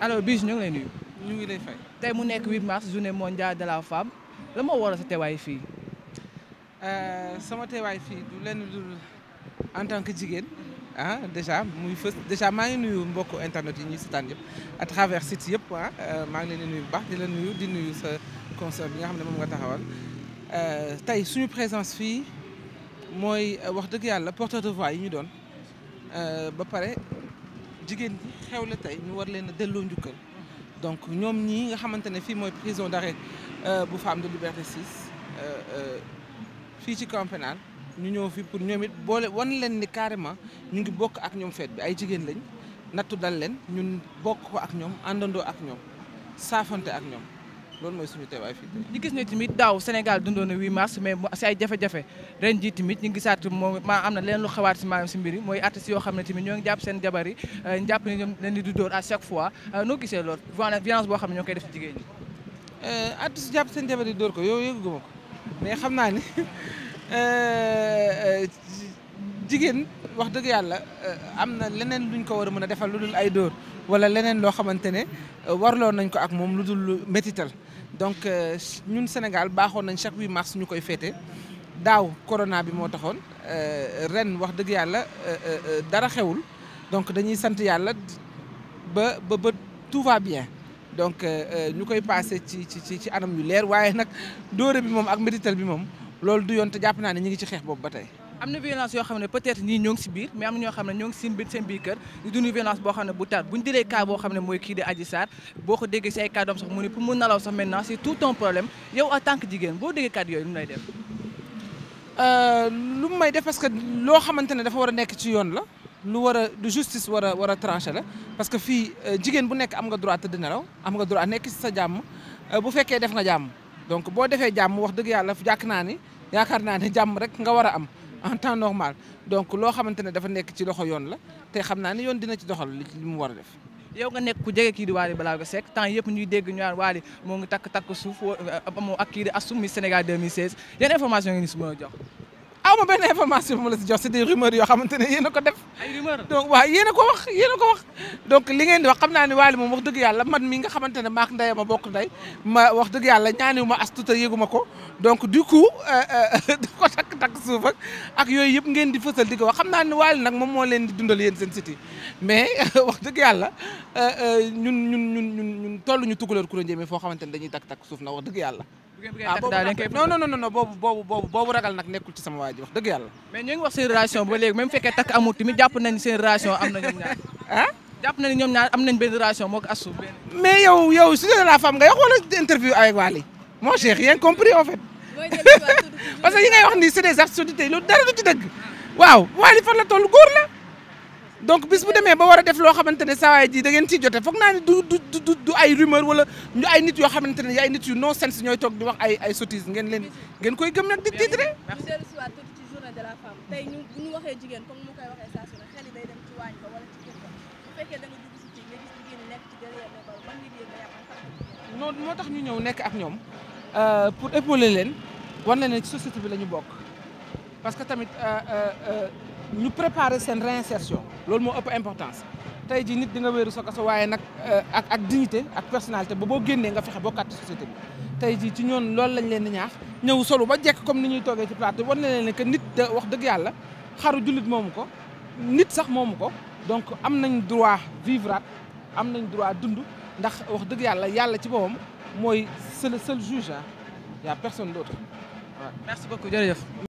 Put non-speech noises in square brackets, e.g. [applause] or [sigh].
alors Bijou ñu ngi ñu ngi lay fay. tey mu nekk 8 mars journée mondiale de la femme la moo waral sa teewaay fii. Euh, sama teewaay fii du leen lu en tant que jigéen ah déjà muy fës déjà maa ngi nuyu mbokku internet yi ñuy seetaan yëpp à travers site yëpp ah euh, maa ngi leen nuyu bu baax di la nuyu di nuyu sa concert bi nga xam ne moom nga taxawal euh, tey suñu présence fii mooy wax dëgg yàlla porteur de voix yi ñu doon ba pare. jigéen ñi xew la tey ñu war leen a delloo njukkal donc ñoom ñii nga xamante ne fii mooy prison d'arrêt euh, bu femme de liberté 6 euh, euh, fii ci camp ñu ñëw fii pour ñoom it boole wan leen ni carrément ñu ngi bokk ak ñoom feet bi ay jigéen lañ nattu dal leen ñun bokk ko ak ñoom àndandoo ak ñoom saafante ak ñoom loolu mooy suñu teewaay fii tey ñu gis ne tamit daaw Sénégal dundoon na 8 mars mais si ay jafe-jafe ren ji tamit ñu gisaat moom maa am na leen lu xawaat si maanaam si mbir mooy artistes yoo xam ne tamit ñoo ngi jàpp seen jabar yi euh, jàpp ni ñoom leen di dóor à chaque fois euh, noo gisee loolu violence boo xam ne ñoo koy def ci jigéen ñi euh, artistes jàpp seen jabar yi dóor ko yooyu yëgguma ko mais xam naa ni [laughs] jigéen wax dëgg yàlla euh, am na leneen luñ ko war a mën a defal lu dul ay dóor wala leneen loo xamante ne euh, warloo nañ ko ak moom lu dul métital donc euh, ñun Sénégal baaxoon nañ chaque 8 mars ñu koy féete daaw corona bi moo taxoon ren wax dëgg yàlla dara xewul donc dañuy sant yàlla ba ba bët tout va bien donc ñu koy passé ci ci ci anam yu leer waaye nag dóore bi moom ak métital bi moom loolu du yoon te jàpp naa ne ñu ngi ci xeex boobu ba tey am na violence yoo xam ne peut-être ñii ñoo ngi si biir mais am na ñoo xam ne ñoo ngi seen biir seen biir kër di dund violence boo xam ne bu tar bu ñu jëlee cas boo xam ne mooy kii di Adji Sarr boo ko déggee si ay kàddoom sax mu ni pour mu nalaw sax maintenant c'est tout un problème yow en tant que euh, que loo xamante ne dafa war a nekk ci yoon la lu war a du justice war a war a tranché la parce que fii euh, jigéen bu nekk am nga droit tëdd nelaw am nga droit nekk si sa jàmm euh, bu fekkee def nga jàmm donc boo defee jàmm wax dëgg yàlla jàkk naa ni yaakaar naa ne jàmm rek nga war a am en temps normal donc loo xamante ne dafa nekk ci loxo yoon la te xam naa ne yoon dina ci doxal li mu war a def. yow nga nekk ku jege kii di Waly Ballago Seck temps yëpp ñuy dégg ñu naan Waly moo ngi takk takk suuf moo ak kii di Astou Miss Sénégal 2016 yan information yi ni si mën jox. aw ma benn information bu ma la si jox c'est des rumeurs yoo xamante ne yéen a ko def. donc waaw wax yéen a ko wax. donc di wax xam naa ne Wally moom wax dëgg yàlla man mi nga xamante ne maak ndey ma bokk ma wax dëgg yàlla ñaaniwu ma as tuuti ma ko donc euh, euh, [laughs] di ko takk-takk suuf ak yooyu yëpp ngeen di fësal di ko wax xam naa ne Wally nag moom moo leen dundal yéen seen site mais [laughs] wax dëgg yàlla euh, ñun ñun ñun ñun ñun tolluñu tukulóor ku la njëmee foo xamante ne dañuy takk-takk suuf na wax dëgg yàlla ah boobu nag non non non boobu boobu boobu ragal nag nekkul ci sama waa ji wax dëgg yàlla. mais ñu ngi wax seen relation ba léegi même fekkee takk amul tamit jàpp nañ seen relation am na ñoom ñaar. ah jàpp nañ ñoom ñaar am nañ benn relation moo ko assu. mais yow yow su dee la femme nga wax wala interview avec Wally mon cher rien compris en fait [laughs] parce que yi ngay wax nii c'est des absurdités loolu dara du ci dëgg waaw Wally fan la toll góor la. donc bis bu demee ba war a def loo xamante ne saawaay ji dangeen ngeen ciy jote foog naa ne du du du ay rumeur wala ñu ay nit yoo xamante ne ay nit yu no sens ñooy toog di wax ay ay sottise ngeen leen ngeen koy gëm nag di titre. merci ñu dellu ñu waxee jigéen comme mu koy waxee moo tax ñu ñëw nekk ak ñoom euh, pour épauler leen wan leen ne ci société bi la ñu bokk parce que tamit euh, euh, ñu préparer seen réinsertion loolu moo ëpp importance tey jii nit dinga nga wéeru sa kaso waaye nag euh, ak ak dignité ak personnalité ba boo génnee nga fexe bokkaat société bi tey jii ci ñoon loolu lañ leen di ñaax ñëw solo ba jekk comme ni ñuy toogee ci plateau war na leen ne que nit wax dëgg yàlla xaru jullit moomu ko nit sax moomu ko donc am nañ droit vivre am nañ droit dund ndax wax dëgg yàlla yàlla ci boppam mooy c'est le seul juge ah y personne d'autre waaw merci